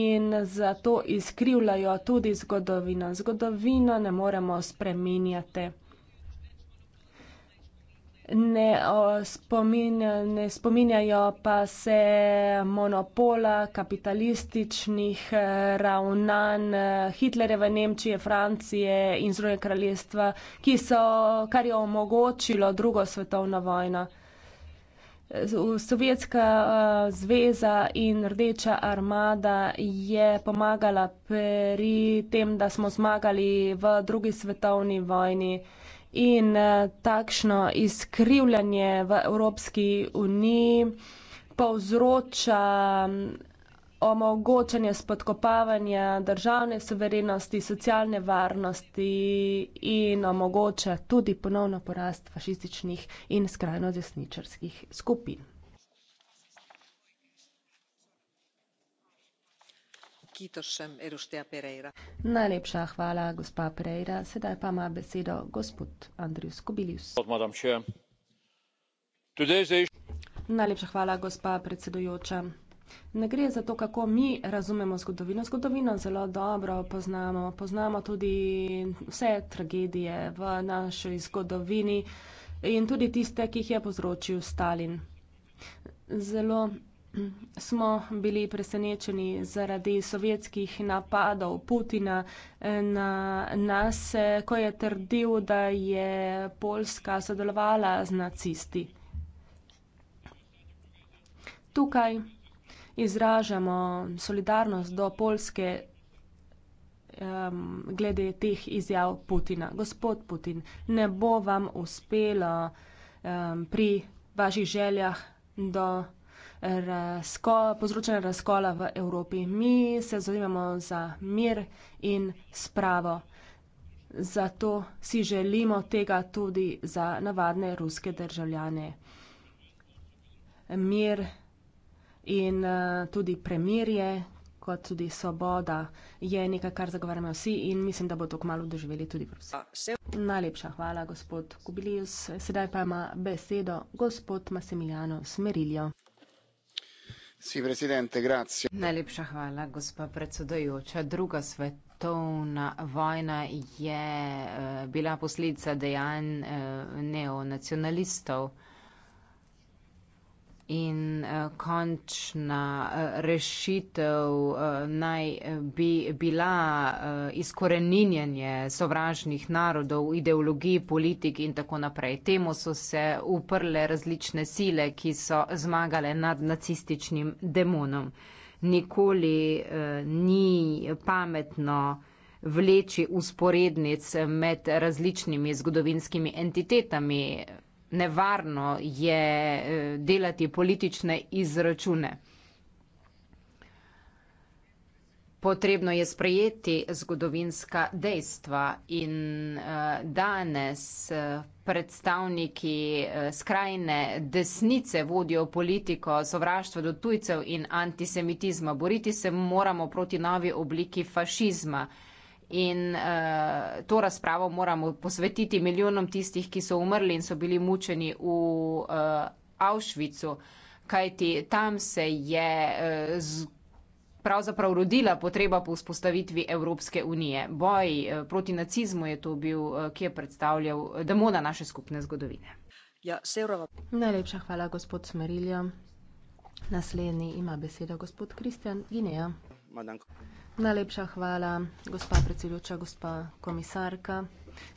in zato izkrivljajo tudi zgodovino. Zgodovino ne moremo spreminjati ne, spominja, ne spominjajo pa se monopola kapitalističnih eh, ravnanj eh, Hitlereve Nemčije, Francije in Združene kraljestva, ki so, kar je omogočilo drugo svetovno vojno. Sovjetska uh, zveza in rdeča armada je pomagala pri tem, da smo zmagali v drugi svetovni vojni. Uh, in eh, takšno izkrivljanje v Evropski uniji povzroča omogočanje spodkopavanja državne soverenosti, socialne varnosti in omogoča tudi ponovno porast fašističnih in skrajno desničarskih skupin. Najlepša hvala, gospa Pereira. Sedaj pa ima besedo gospod Andrius Kubilius. Najlepša hvala, gospa predsedujoča. Ne gre za to, kako mi razumemo zgodovino. Zgodovino zelo dobro poznamo. Poznamo tudi vse tragedije v naši zgodovini in tudi tiste, ki jih je povzročil Stalin. Zelo smo bili presenečeni zaradi sovjetskih napadov Putina eh, na nas, eh, ko je trdil, da je Poljska sodelovala z nacisti. Tukaj izražamo solidarnost do Poljske um, glede teh izjav Putina. Gospod Putin, ne bo vam uspelo um, pri vaših željah do razko, povzročanja razkola v Evropi. Mi se zavzemamo za mir in spravo. Zato si želimo tega tudi za navadne ruske državljane. Mir in uh, tudi premirje, kot tudi svoboda, je nekaj, kar zagovarjamo vsi in mislim, da bo to kmalo doživeli tudi Rusi. Najlepša hvala, gospod Kubilius. Sedaj pa ima besedo gospod Massimiliano Smerilijo. Najlepša hvala, gospa predsedujoča. Druga svetovna vojna je eh, bila posledica dejanj eh, neonacionalistov in uh, končna uh, rešitev uh, naj bi bila uh, izkoreninjanje sovražnih narodov, ideologij, politik in tako naprej. Temu so se uprle različne sile, ki so zmagale nad nacističnim demonom. Nikoli uh, ni pametno vleči usporednic med različnimi zgodovinskimi entitetami nevarno je eh, delati politične izračune. Potrebno je sprejeti zgodovinska dejstva in eh, danes eh, predstavniki skrajne desnice vodijo politiko sovraštva do tujcev in antisemitizma. Boriti se moramo proti novi obliki fašizma in uh, to razpravo moramo posvetiti milijonom tistih, ki so umrli in so bili mučeni v uh, eh, Auschwitzu, kajti tam se je uh, z, pravzaprav rodila potreba po vzpostavitvi Evropske unije. Boj uh, proti nacizmu je to bil, uh, ki je predstavljal demona naše skupne zgodovine. Ja, Najlepša hvala, gospod Smerilja. Naslednji ima besedo gospod Kristjan Gineja. Madanko. Najlepša hvala, gospa predsedujoča, gospa komisarka.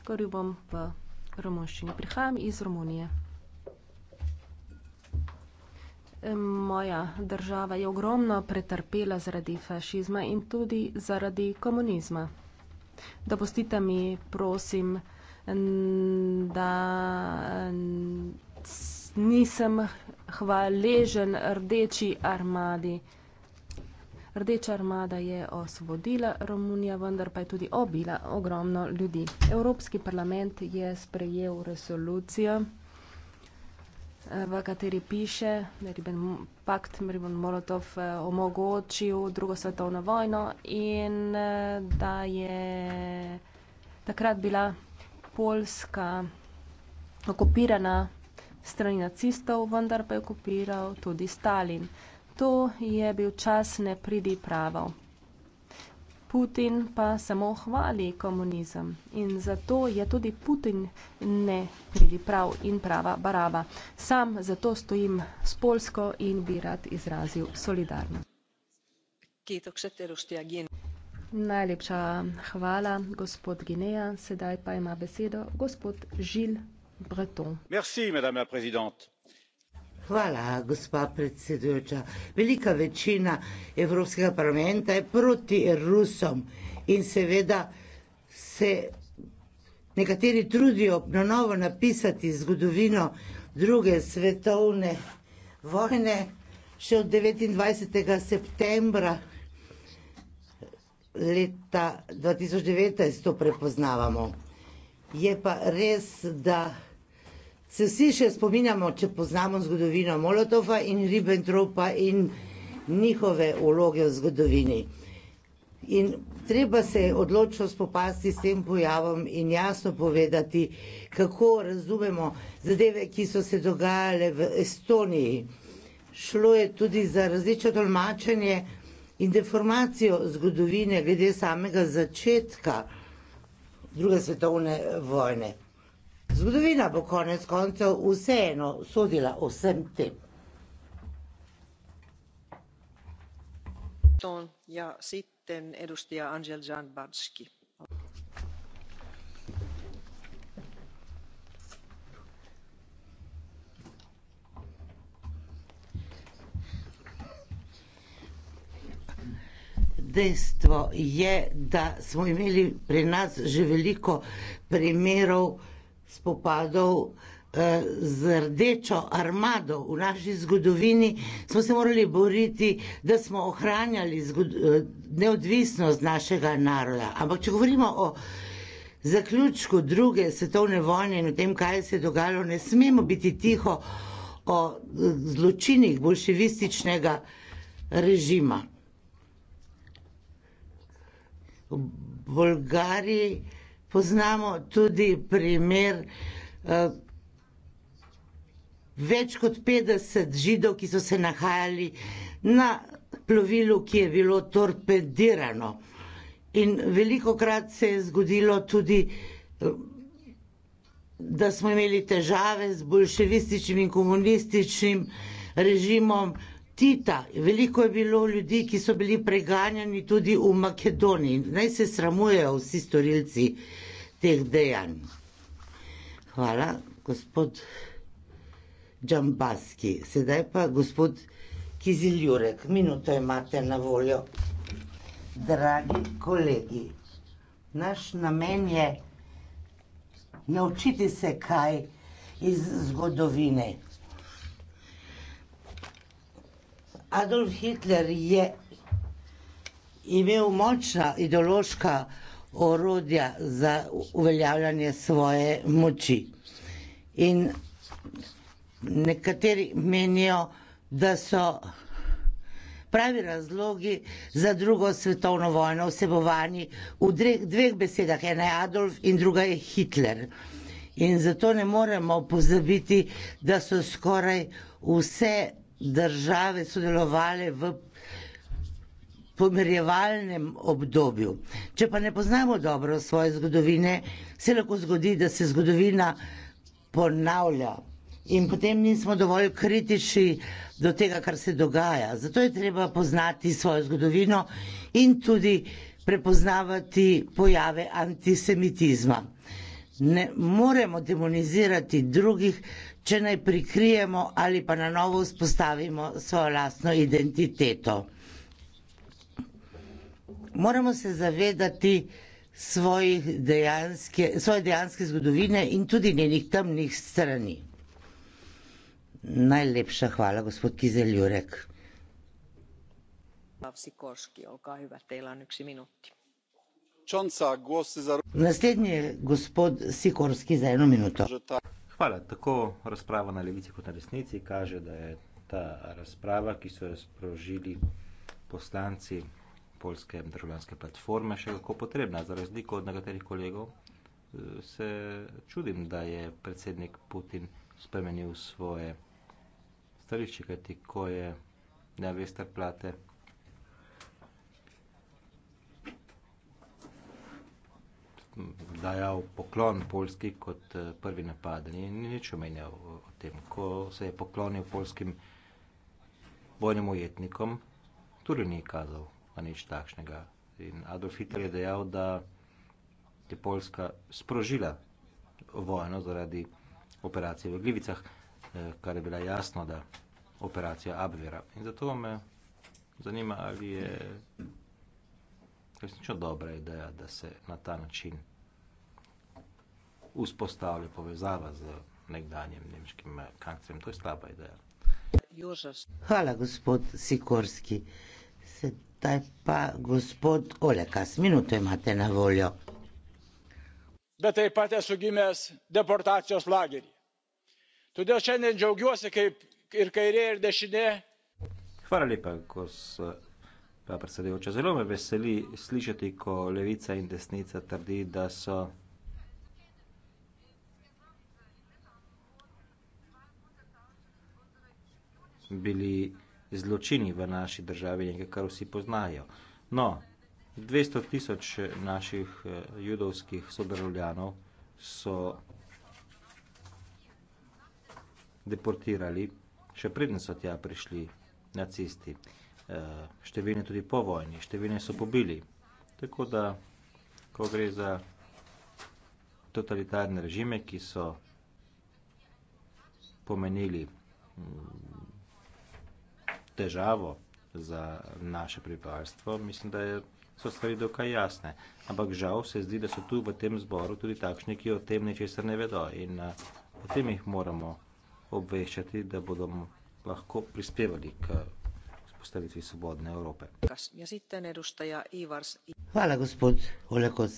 Govoril bom v romunščini. Prihajam iz Romunije. Moja država je ogromno pretrpela zaradi fašizma in tudi zaradi komunizma. Dopustite mi, prosim, da nisem hvaležen rdeči armadi. Rdeča armada je osvobodila Romunija, vendar pa je tudi obila ogromno ljudi. Evropski parlament je sprejel resolucijo, v kateri piše, da je ribben pakt, ribben molotov eh, omogočil drugo svetovno vojno in eh, da je takrat bila Poljska okupirana strani nacistov, vendar pa je okupiral tudi Stalin. To je bil čas nepridipravov. Putin pa samo hvali komunizem in zato je tudi Putin ne pridi prav in prava baraba. Sam zato stojim s Polsko in bi rad izrazil solidarno. Najlepša hvala, gospod Gineja. Sedaj pa ima besedo gospod Žil Breton. Merci, madame la présidente. Hvala, gospa predsedujoča. Velika večina Evropskega parlamenta je proti Rusom in seveda se nekateri trudijo na novo napisati zgodovino druge svetovne vojne. Še od 29. septembra leta 2019 to prepoznavamo. Je pa res, da se vsi še spominjamo, če poznamo zgodovino Molotova in Ribbentropa in njihove vloge v zgodovini. In treba se je odločno spopasti s tem pojavom in jasno povedati, kako razumemo zadeve, ki so se dogajale v Estoniji. Šlo je tudi za različno tolmačenje in deformacijo zgodovine glede samega začetka druge svetovne vojne. Zgodovina bo konec koncev vseeno sodila vsem tem. Ja, Dejstvo je, da smo imeli pri nas že veliko primerov spopadov eh, z rdečo armado v naši zgodovini smo se morali boriti, da smo ohranjali eh, neodvisnost našega naroda. Ampak če govorimo o zaključku druge svetovne vojne in o tem, kaj se je dogajalo, ne smemo biti tiho o eh, zločinih bolševističnega režima. V Bolgariji poznamo tudi primer eh, več kot petdeset Židov, ki so se nahajali na plovilu, ki je bilo torpedirano. In velikokrat se je zgodilo tudi, eh, da smo imeli težave z bolševističnim in komunističnim režimom. Tita, veliko je bilo ljudi, ki so bili preganjani tudi v Makedoniji. Naj se sramujejo vsi storilci teh dejanj. Hvala, gospod Džambaski. Sedaj pa gospod Kiziljurek. Minuto imate na voljo. Dragi kolegi, naš namen je naučiti se kaj iz zgodovine. Adolf Hitler je imel močna ideološka orodja za uveljavljanje svoje moči. In nekateri menijo, da so pravi razlogi za drugo svetovno vojno vsebovani v dveh besedah. Ena je Adolf in druga je Hitler. In zato ne moremo pozabiti, da so skoraj vse države sodelovale v pomerjevalnem obdobju. Če pa ne poznamo dobro svoje zgodovine, se lahko zgodi, da se zgodovina ponavlja in potem nismo dovolj kritični do tega, kar se dogaja. Zato je treba poznati svojo zgodovino in tudi prepoznavati pojave antisemitizma. Ne moremo demonizirati drugih, če naj prikrijemo ali pa na novo vzpostavimo svojo lastno identiteto. Moramo se zavedati dejanske, svoje dejanske zgodovine in tudi njenih temnih strani. Najlepša hvala, gospod Kizeljurek. Naslednji je gospod Sikorski za eno minuto. Hvala. Tako razprava na levici kot na resnici kaže, da je ta razprava, ki so jo sprožili poslanci polske državljanske platforme, še kako potrebna. Za razliko od nekaterih kolegov eh, se čudim, da je predsednik Putin spremenil svoje stališče, kajti ko je neveste plate dajal poklon Polski kot eh, prvi napad. Ni, ni nič omenjal o tem. Ko se je poklonil polskim bojnim ujetnikom, tudi ni kazal na nič takšnega. In Adolf Hitler je dejal, da je Polska sprožila vojno zaradi operacije v Glivicah, eh, kar je bila jasno, da operacija Abvera. In zato me zanima, ali je resnično dobra ideja, da se na ta način vzpostavlja povezava z nekdanjem nemškim kancem. To je slaba ideja. Hvala, gospod Sikorski. Sedaj pa gospod Olekas, minuto imate na voljo. Bet taip pat esu gimęs deportacijos lagerį. Todėl šiandien džiaugiuosi, kaip ir kairė, ir dešinė. Hvala lepa, gospod. Pa predsedujoča, zelo me veseli slišati, ko levica in desnica trdi, da so bili zločini v naši državi, nekaj, kar vsi poznajo. No, 200 tisoč naših eh, judovskih sodržavljanov so deportirali, še predn so tja prišli nacisti. Eh, številni tudi po vojni, številni so pobili. Tako da, ko gre za totalitarne režime, ki so pomenili mm, težavo za naše pripravstvo, mislim, da je, so stvari dokaj jasne. Ampak žal se zdi, da so tu v tem zboru tudi takšni, ki o tem nečesar ne vedo. In potem eh, jih moramo obveščati, da bodo lahko prispevali k vzpostavitvi svobodne Evrope. Ja Hvala, gospod Olekos.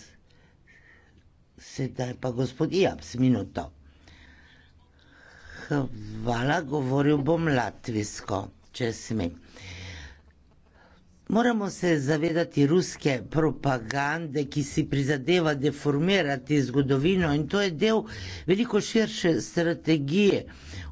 Sedaj pa gospod Jabs, minuto. Hvala, govoril bom latvijsko, če smem. Moramo se zavedati ruske propagande, ki si prizadeva deformirati zgodovino in to je del veliko širše strategije.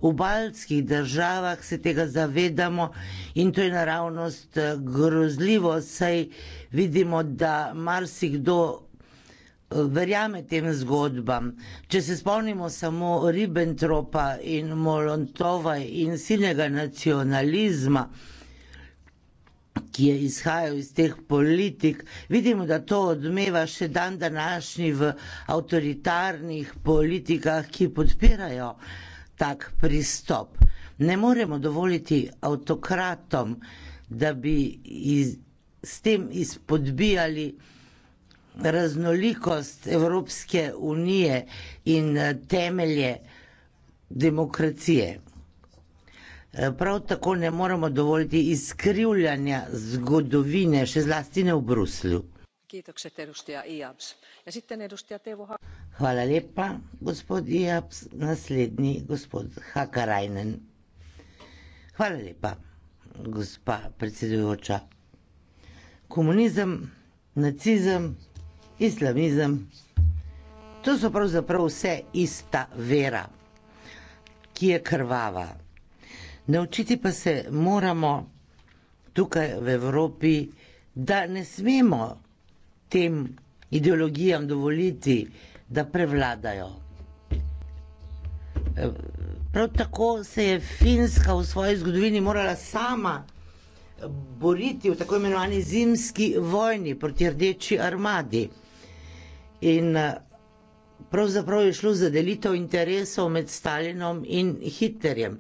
V baljskih državah se tega zavedamo in to je naravnost eh, grozljivo, saj vidimo, da marsikdo eh, verjame tem zgodbam. Če se spomnimo samo Ribbentropa in Molontova in silnega nacionalizma, ki je izhajal iz teh politik. Vidimo, da to odmeva še dan današnji v avtoritarnih politikah, ki podpirajo tak pristop. Ne moremo dovoliti avtokratom, da bi iz, s tem izpodbijali raznolikost Evropske unije in eh, temelje demokracije. Eh, prav tako ne moremo dovoliti izkrivljanja zgodovine, še zlasti ne v Bruslju. Ja Hvala lepa, gospod Iabs. Naslednji, gospod Hakarajnen. Hvala lepa, gospa predsedujoča. Komunizem, nacizem, islamizem, to so pravzaprav vse ista vera, ki je krvava. Naučiti pa se moramo tukaj v Evropi, da ne smemo tem ideologijam dovoliti, da prevladajo. Eh, prav tako se je Finska v svoji zgodovini morala sama eh, boriti v tako imenovani zimski vojni proti rdeči armadi. In eh, pravzaprav je šlo za delitev interesov med Stalinom in Hitlerjem.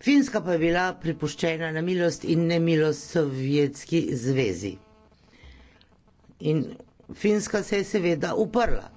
Finska pa je bila pripuščena na milost in nemilost Sovjetski zvezi. In Finska se je seveda uprla.